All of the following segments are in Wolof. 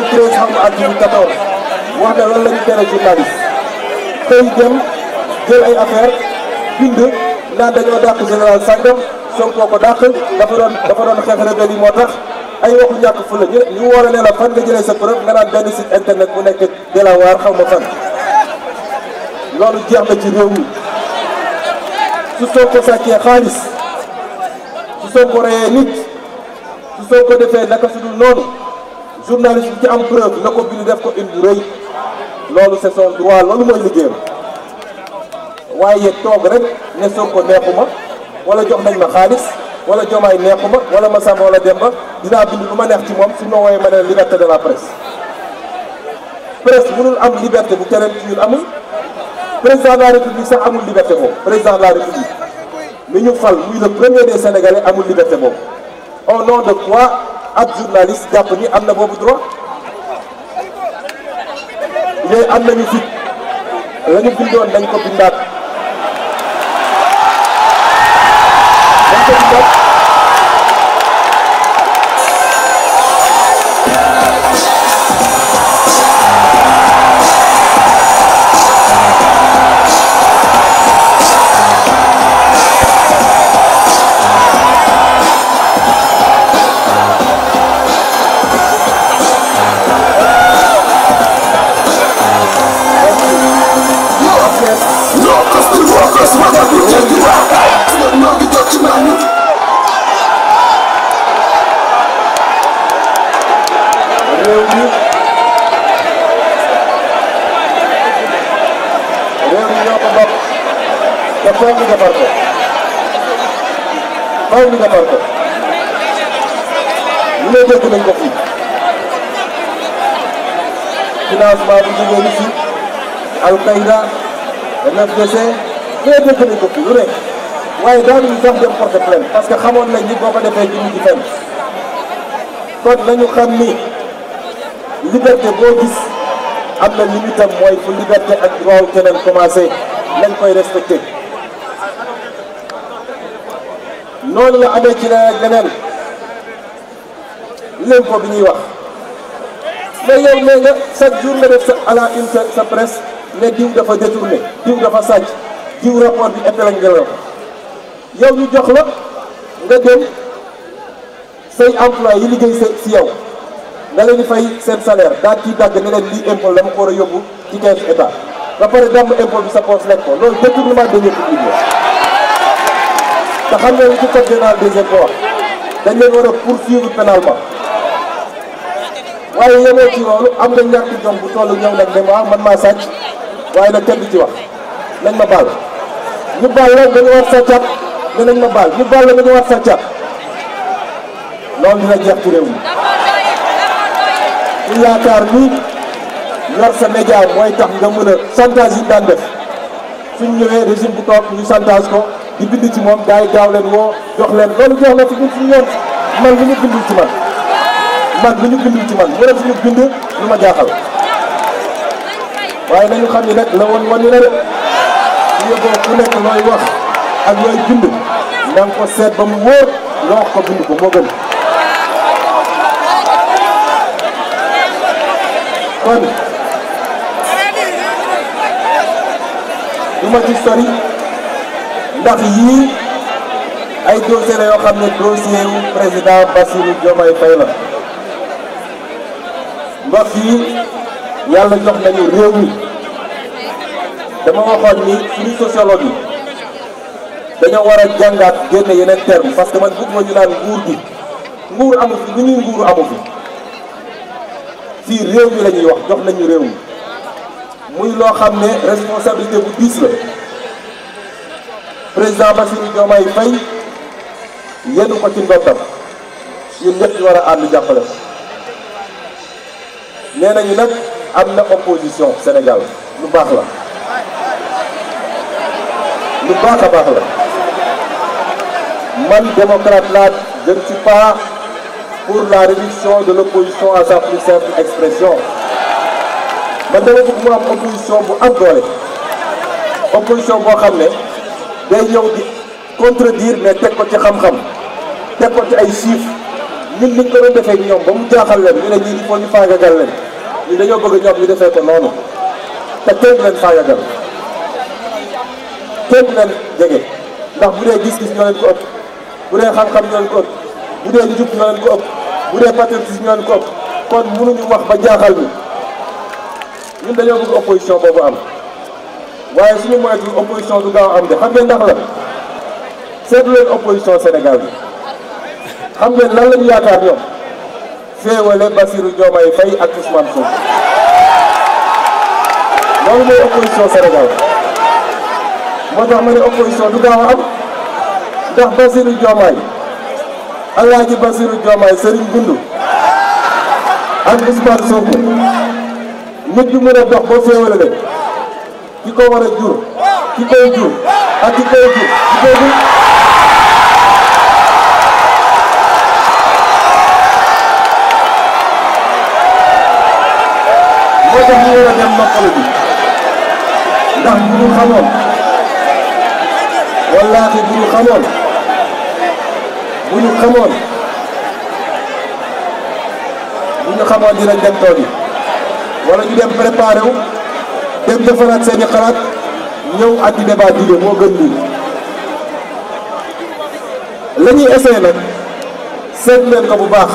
le 13 xam la ñu tere journaliste tey jëm jël dañoo dàq général sàngam Sonko ko dàq dafa doon doon xeex rebelle yi moo tax ay waxu ñàkk fu la ne la fan jëlee sa preuve nga naan benn site internet bu nekk xaw ma fan loolu jeex na ci réew mi su Sonko sàccee xaalis su Sonko reyee nit su Sonko defee naka su dul journaliste bi ci am preuve na ko bind def ko une rëy loolu c'est son droit loolu mooy liggéeyam waaye toog rek ne Sonko neexuma wala jox nañ ma xaalis wala jomaay neexuma wala ma sàmm wala demba dinaa bind lu ma neex ci moom su ma wooyee ma ne liberté de la presse presse mënul am liberté bu keneen ci ñun amul président de la république sax amul liberté boobu président de la république mi ñu fal muy le premier des sénégalais amul liberté boobu au nom de ab journaliste jàpp ni am na boobu droit mais am nañu fit la ñu doon dañ ko bindaat xaw ma defar ko lu ne dégg nañ ko fii financement bu jógee Russie Al-Qaïda MFDC lu ne dégg nañ ko fii lu ne waaye daanuñu sax dem porté plainte parce que xamoon nañ ni boo ko defee ji ñu kon nañu xam ni liberté boo gis am na limitam mooy fu liberté ak droit keneen commencé nañ koy respecté. noonu la amee ci na leneen l'impôt bi ñuy wax mais yow nee nga chaque jour nga def sa à la sa presse ne diw dafa détourné diw dafa sàcc diw rapport bi épinglé la ko yow ñu jox la nga dem say employé yi liggéey sa si yow nga leen di fay seen salaire daal ciy bàgg ne leen lii impôt la ma ko a yóbbu ci caisse état ba pare damm impôt bi sa poche lekk ko loolu détournement deniers publics te xam nga ci code pénal bi ko wax dañ leen war a poursuivre pénalement waaye yemoo ci loolu am na ñàkk jom bu tollu ñëw nag ne ma man maa sàcc waaye nag kenn du ci wax nañ ma baal ñu baal la dañu war sàccaat ne nañ ma baal ñu baal la dañu war sàccaat loolu dina jeex ci réew mi ñu yaakaar ni yor sa média mooy tax nga mën a chantage yi daan def suñ ñëwee régime bu toog ñu chantage ko di bind ci moom gars yi leen woo jox loolu jox la ci ñun suñu yoon man lu ñu bindul ci man man lu ñu bindul ci man wala suñu bind lu ma jaaxal waaye nañu xam ni nag la woon wan ñu la rek yóbboo ku nekk looy wax ak looy bind na ko seet ba mu wóor nga wax ko bind ko moo gën kon ci sori ndax yii ay dossier la xam ne dossier wu président Bassirou Diomaye Faye la mbokk yàlla jox nañu réew mi dama waxoon ni suñu sociologue yi dañoo war a jàngaat génne yeneen terme parce que man bëgguma ñu naan nguur gi nguur amu fi lu ñuy nguur amu fi fii réew mi la ñuy wax jox nañu réew mi muy loo xam ne responsabilité bu diis la président Bassirou Diomaye Faye yéen ko ci ndoddam ñun ñëpp ñu war a ànd jàppale ko nee nañu nag am na opposition Sénégal lu baax la lu baaxa baax la man démocrate laa je ne suis pas pour la réduction de l'opposition à sa plus expression man dama bëgg mu am opposition bu am doole opposition boo xam ne day ñëw di contredire mais teg ko ci xam-xam teg ko ci ay chiffres ñun niñ ko doon defee ñoom ba mu jaaxal leen ñu ne ñii il faut ñu faagagal leen ñu dañoo bëgg ñoom ñu defee ko noonu te kenn du leen faagagal kenn du leen jege ndax bu dee gis-gis ñoo leen ko ëpp bu dee xam-xam ñoo ko ëpp bu dee njub ñoo leen ko ëpp bu dee patriotisme ñoo ko ëpp kon ñu wax ba jaaxal bi ñun dañoo bëgg opposition boobu am waaye suñu moytu opposition du gaaw am de xam ngeen ndax la seetlu leen opposition Sénégal bi xam ngeen lan lañu yaakaar ñoom féewale Bassirou Diomaye Faye ak Ousmane Sonko loolu mooy opposition Sénégal moo tax ma ne opposition du gaaw am ndax Bassirou Diomaye Alaaji Bassirou Diomaye Serigne Goundou ak Ousmane Sonko nit bi mën a dox ba féewale leen ki ko war a jur ki koy jur ak ki koy jur ki koy jur moo tax ñu war a dem noppalu bi ndax bu ñu xamoon wallaahi bu ñu xamoon bu ñu xamoon bu ñu xamoon dinañ dem tool yi wala ñu dem préparé wu dem defaraat seen i xalaat ñëw andi débat dige moo gën lii la ñuy essayé nag seet leen ko bu baax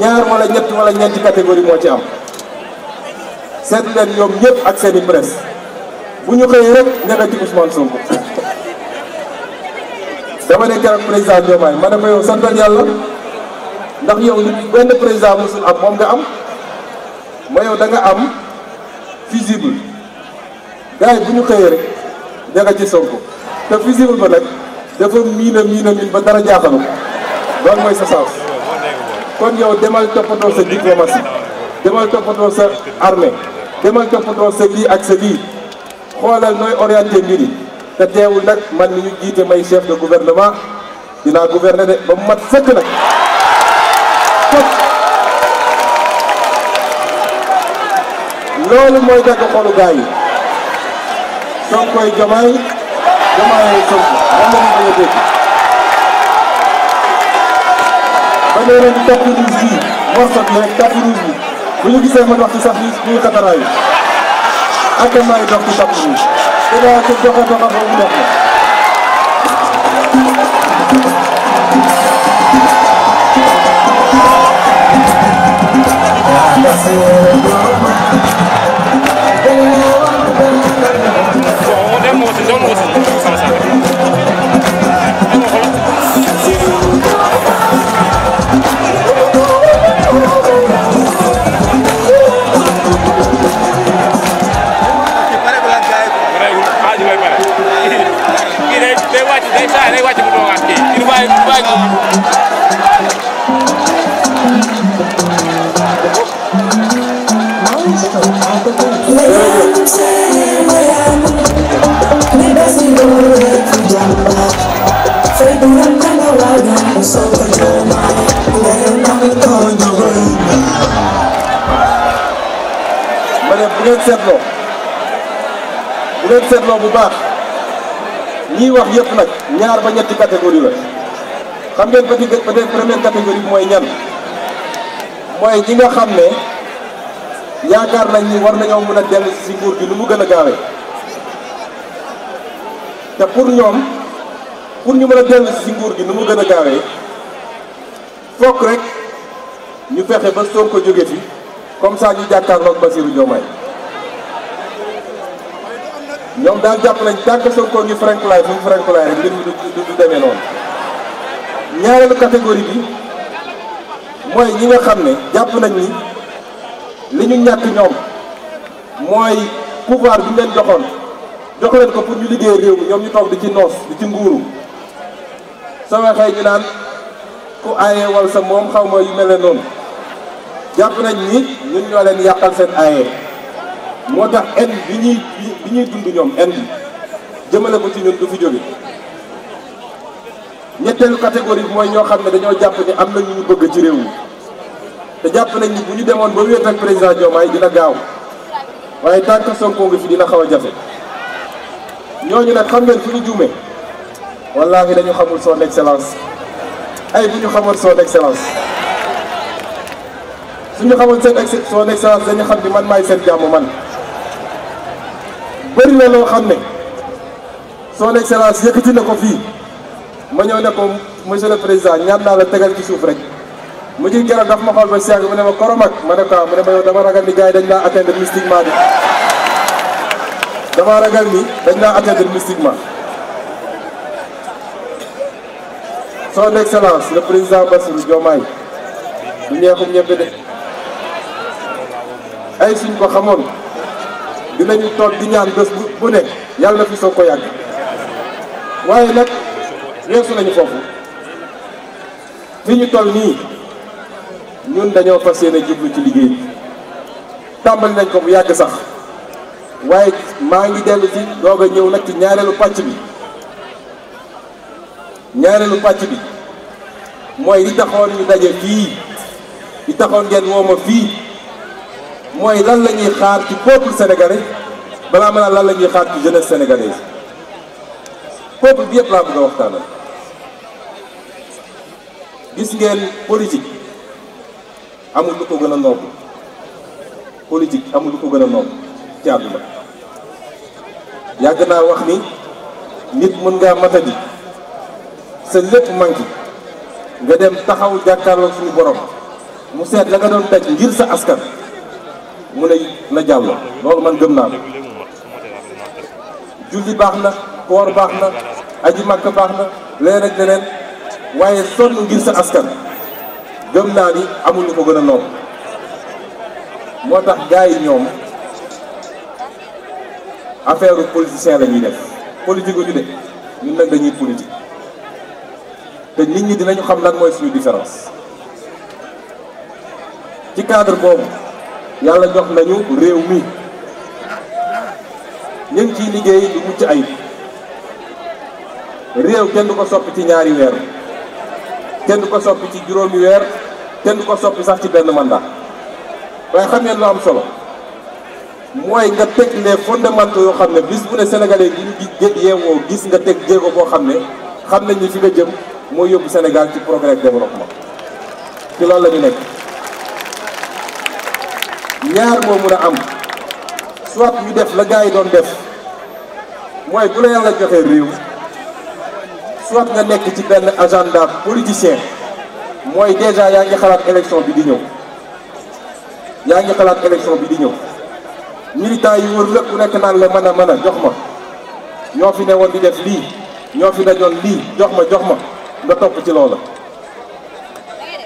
ñaar wala ñett wala ñetti catégorie moo ci am seet leen ñoom ñëpp ak seeni i presse bu ñu xëyee rek nga nga ci Ousmane dama ne keroog président Diomaye ma ne ko yow santal yàlla ndax yow li benn président mosul am moom nga am ma danga am fusible gars yi bu ñu xëyee rek ña nga ci Sonko te fusible ba nag dafa miin a miin ba dara jaaxalu loolu mooy sa sens kon yow demal toppatoo sa diplomatie demal toppatoo sa armée demal toppatoo sa lii ak sa lii xoolal nooy orienté mbiri te teewul nag man mi ñu jiite may chef de gouvernement dinaa gouverner de ba mu mat sëkk nag loolu mooy dëgg xolu gars yi Sonkoy Diomaye Diomaye Sonko lan la ñu dégg ba nee leen tapis bi morceau bi rek tapis bi bu gisee man wax ci sax ñu ñu tataraayu may dox ci tapis bi dinaa ko doxe doxe boobu dox na Brasil. ngeen seetloo bu bu baax ñiy wax yëpp nag ñaar ba ñetti catégorie la xam ngeen peut être première catégorie bi mooy ñan mooy ñi nga xam ne yaakaar nañ ni war nañoo mën a dellu si nguur gi nu mu gën a gaawee te pour ñoom pour ñu mën a dellu si nguur gi nu mu gën a gaawee fokk rek ñu fexe ba Sonko jóge fi comme ça ñu jàkkaarloog Bassirou Diomaye ñoom daal jàpp nañ tànk Sonko ngi Francois fu mu Francois rek mbir mi du du demee noonu ñaareelu catégorie bi mooy ñi nga xam ne jàpp nañ ni li ñu ñàkk ñoom mooy pouvoir bi leen joxoon jox leen ko pour ñu liggéey réew mi ñoom ñu taw di ci noos di ci nguuru sa waxee ñu naan ku aaye wal sa moom xaw ma yu mel ne noonu jàpp nañ ni ñun ñoo leen yàqal seen aaye. moo tax en bi ñuy ñuy dund ñoom en jëmale ko ci ñun du fi jóge ñetteelu catégorie mooy ñoo xam ne dañoo jàpp ni am na ñu ñu bëgg ci réew mi te jàpp nañ ni bu ñu demoon ba wéet ak président Diomaye dina gaaw waaye tant que Sonko ngi fi dina xaw a jafe ñooñu nag xam ngeen fu ñu juumee wallaahi dañu xamul son excellence ay bu ñu xamoon son excellence suñu xamoon seen son excellence dañu xam ni man maay seen jàmm man bëri la loo xam ne son excellence yëkkati na ko fii ma ñëw ne ko monsieur le président ñaan naa la tegal ci suuf rek mu ji keroog daf ma xool ba siàgg mu ne ma koromak ma ne ko mu ne ma yow dama ragal ni gars yi dañ laa atteindre mystiquement bi dama ragal ni dañ laa atteindre mystiquement son excellence le président Bassirou Diomaye du ñeexum ñebe de ay suñ ko xamoon nañu toog di ñaan bés bu bu ne yàlla na fi soog ko yàgg waaye nag weesu nañu foofu fi ñu toll nii ñun dañoo fas yéene jublu ci liggéey bi tàmbali nañ ko bu yàgg sax waaye maa ngi dellu ci doog a ñëw nag ci ñaareelu pàcc bi ñaareelu pàcc bi mooy li taxoon ñu daje fii li taxoon ngeen ma fii mooy lan la ñuy xaar ci peuple sénégalais balaa ma naan lan la ñuy xaar ci jeunesse sénégalaise peuple bi yëpp laa bëgg a waxtaanal gis ngeen politique amul lu ko gën a nopp politique amul lu ko gën a nopp ci yàgg naa wax ni nit mën ngaa bi sa lépp manqué nga dem taxaw jàkkaarloo suñu borom mu seet la nga doon daj ngir sa askan mu ne na jàll loolu man gëm naa ko julli baax na koor baax na aji màkk baax na leneen ak leneen waaye sonn ngir sa askan gëm naa ni amuñu ko gën a noonu moo tax gars yi ñoom affaire politicien la ñuy def politique ñu de ñun nag dañuy politique te nit ñi dinañu xam lan mooy suñu différence ci cadre boobu yàlla jox nañu réew mi ñu ngi ciy liggéey lu mucc ayib réew kenn du ko soppi ci ñaari weer kenn du ko soppi ci juróomi weer kenn du ko soppi sax ci benn mandat waaye xam ngeen lu am solo mooy nga teg les fondamentaux yoo xam ne bis bu ne sénégalais yi ñu gis gis nga teg jéego boo xam ne xam nañ ni ci nga jëm moo yóbbu Sénégal ci progrès développement ci loolu la ñu nekk. ñaar moo mun a am soit ñu def la gars yi doon def mooy bu la yàlla joxee réew soit nga nekk ci benn agenda politicien mooy déjà yaa ngi xalaat élection bi di ñëw yaa ngi xalaat élection bi di ñëw militant yi wër lépp ku nekk naan la mën a mën a jox ma ñoo fi newoon di def lii ñoo fi dajoon lii jox ma jox ma nga topp ci loola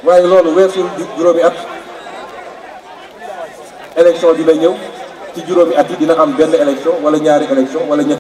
waaye loolu weesul juróomi at élection dina ñëw ci juróomi at yi dina am benn élection wala ñaari élection wala ñetti